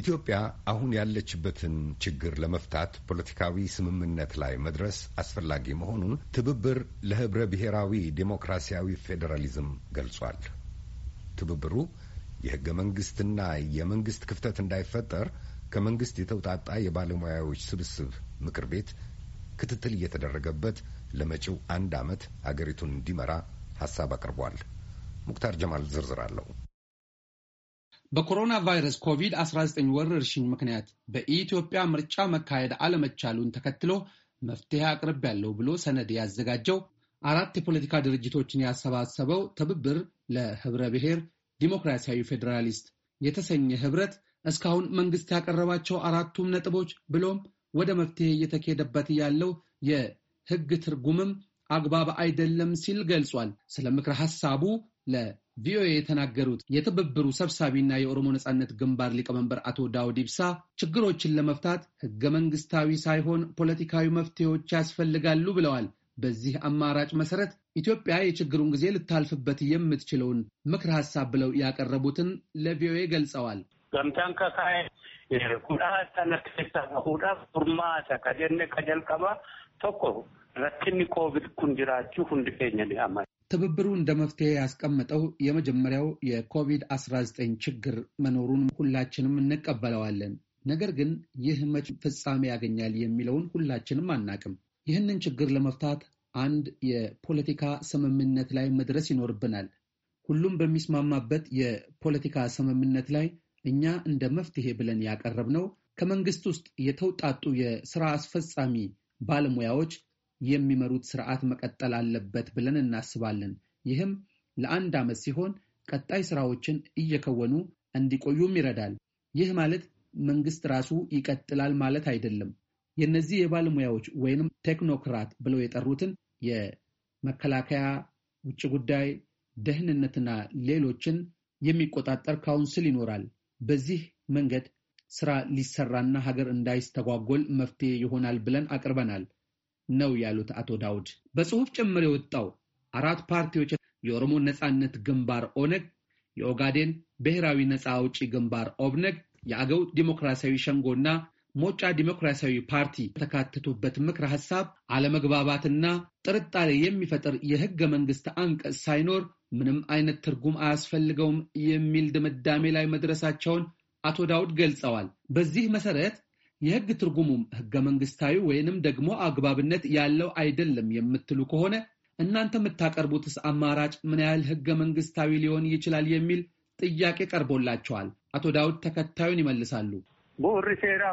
ኢትዮጵያ አሁን ያለችበትን ችግር ለመፍታት ፖለቲካዊ ስምምነት ላይ መድረስ አስፈላጊ መሆኑን ትብብር ለህብረ ብሔራዊ ዴሞክራሲያዊ ፌዴራሊዝም ገልጿል። ትብብሩ የህገ መንግስትና የመንግስት ክፍተት እንዳይፈጠር ከመንግስት የተውጣጣ የባለሙያዎች ስብስብ ምክር ቤት ክትትል እየተደረገበት ለመጪው አንድ ዓመት አገሪቱን እንዲመራ ሀሳብ አቅርቧል። ሙክታር ጀማል ዝርዝር አለው። በኮሮና ቫይረስ ኮቪድ-19 ወረርሽኝ ምክንያት በኢትዮጵያ ምርጫ መካሄድ አለመቻሉን ተከትሎ መፍትሄ አቅርብ ያለው ብሎ ሰነድ ያዘጋጀው አራት የፖለቲካ ድርጅቶችን ያሰባሰበው ትብብር ለህብረ ብሔር ዲሞክራሲያዊ ፌዴራሊስት የተሰኘ ህብረት እስካሁን መንግስት ያቀረባቸው አራቱም ነጥቦች ብሎም ወደ መፍትሄ እየተካሄደበት ያለው የህግ ትርጉምም አግባብ አይደለም ሲል ገልጿል። ስለ ምክረ ሐሳቡ ቪኦኤ የተናገሩት የትብብሩ ሰብሳቢና የኦሮሞ ነጻነት ግንባር ሊቀመንበር አቶ ዳውድ ኢብሳ ችግሮችን ለመፍታት ህገ መንግስታዊ ሳይሆን ፖለቲካዊ መፍትሄዎች ያስፈልጋሉ ብለዋል። በዚህ አማራጭ መሰረት ኢትዮጵያ የችግሩን ጊዜ ልታልፍበት የምትችለውን ምክር ሀሳብ ብለው ያቀረቡትን ለቪኦኤ ገልጸዋል። ገምታን ከካይ ሁዳ ተነክሳ ሁዳ ከጀልቀባ ቶኮ ረትኒ ኮቪድ ኩንጅራችሁ ሁንድ ኬኛ ትብብሩ እንደ መፍትሄ ያስቀመጠው የመጀመሪያው የኮቪድ-19 ችግር መኖሩን ሁላችንም እንቀበለዋለን። ነገር ግን ይህ መቼ ፍጻሜ ያገኛል የሚለውን ሁላችንም አናቅም። ይህንን ችግር ለመፍታት አንድ የፖለቲካ ስምምነት ላይ መድረስ ይኖርብናል። ሁሉም በሚስማማበት የፖለቲካ ስምምነት ላይ እኛ እንደ መፍትሄ ብለን ያቀረብነው ከመንግስት ውስጥ የተውጣጡ የስራ አስፈጻሚ ባለሙያዎች የሚመሩት ስርዓት መቀጠል አለበት ብለን እናስባለን። ይህም ለአንድ ዓመት ሲሆን ቀጣይ ስራዎችን እየከወኑ እንዲቆዩም ይረዳል። ይህ ማለት መንግስት ራሱ ይቀጥላል ማለት አይደለም። የእነዚህ የባለሙያዎች ወይንም ቴክኖክራት ብለው የጠሩትን የመከላከያ ውጭ ጉዳይ፣ ደህንነትና ሌሎችን የሚቆጣጠር ካውንስል ይኖራል። በዚህ መንገድ ስራ ሊሰራና ሀገር እንዳይስተጓጎል መፍትሄ ይሆናል ብለን አቅርበናል። ነው ያሉት አቶ ዳውድ በጽሁፍ ጭምር የወጣው አራት ፓርቲዎች የኦሮሞ ነጻነት ግንባር ኦነግ፣ የኦጋዴን ብሔራዊ ነጻ አውጪ ግንባር ኦብነግ፣ የአገው ዲሞክራሲያዊ ሸንጎና ሞጫ ዲሞክራሲያዊ ፓርቲ የተካተቱበት ምክረ ሀሳብ አለመግባባትና ጥርጣሬ የሚፈጥር የህገ መንግስት አንቀጽ ሳይኖር ምንም አይነት ትርጉም አያስፈልገውም የሚል ድምዳሜ ላይ መድረሳቸውን አቶ ዳውድ ገልጸዋል። በዚህ መሰረት የህግ ትርጉሙም ህገ መንግስታዊ ወይንም ደግሞ አግባብነት ያለው አይደለም የምትሉ ከሆነ እናንተ የምታቀርቡትስ አማራጭ ምን ያህል ህገ መንግስታዊ ሊሆን ይችላል የሚል ጥያቄ ቀርቦላቸዋል። አቶ ዳውድ ተከታዩን ይመልሳሉ። ቦሪሴራ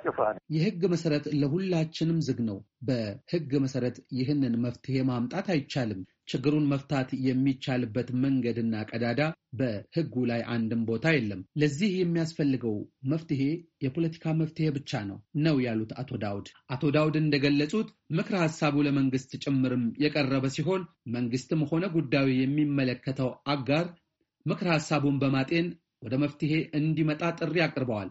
ሴራ የህግ መሰረት ለሁላችንም ዝግ ነው። በህግ መሰረት ይህንን መፍትሄ ማምጣት አይቻልም። ችግሩን መፍታት የሚቻልበት መንገድና ቀዳዳ በህጉ ላይ አንድም ቦታ የለም። ለዚህ የሚያስፈልገው መፍትሄ የፖለቲካ መፍትሄ ብቻ ነው ነው ያሉት አቶ ዳውድ። አቶ ዳውድ እንደገለጹት ምክር ሀሳቡ ለመንግስት ጭምርም የቀረበ ሲሆን መንግስትም ሆነ ጉዳዩ የሚመለከተው አጋር ምክር ሀሳቡን በማጤን ወደ መፍትሄ እንዲመጣ ጥሪ አቅርበዋል።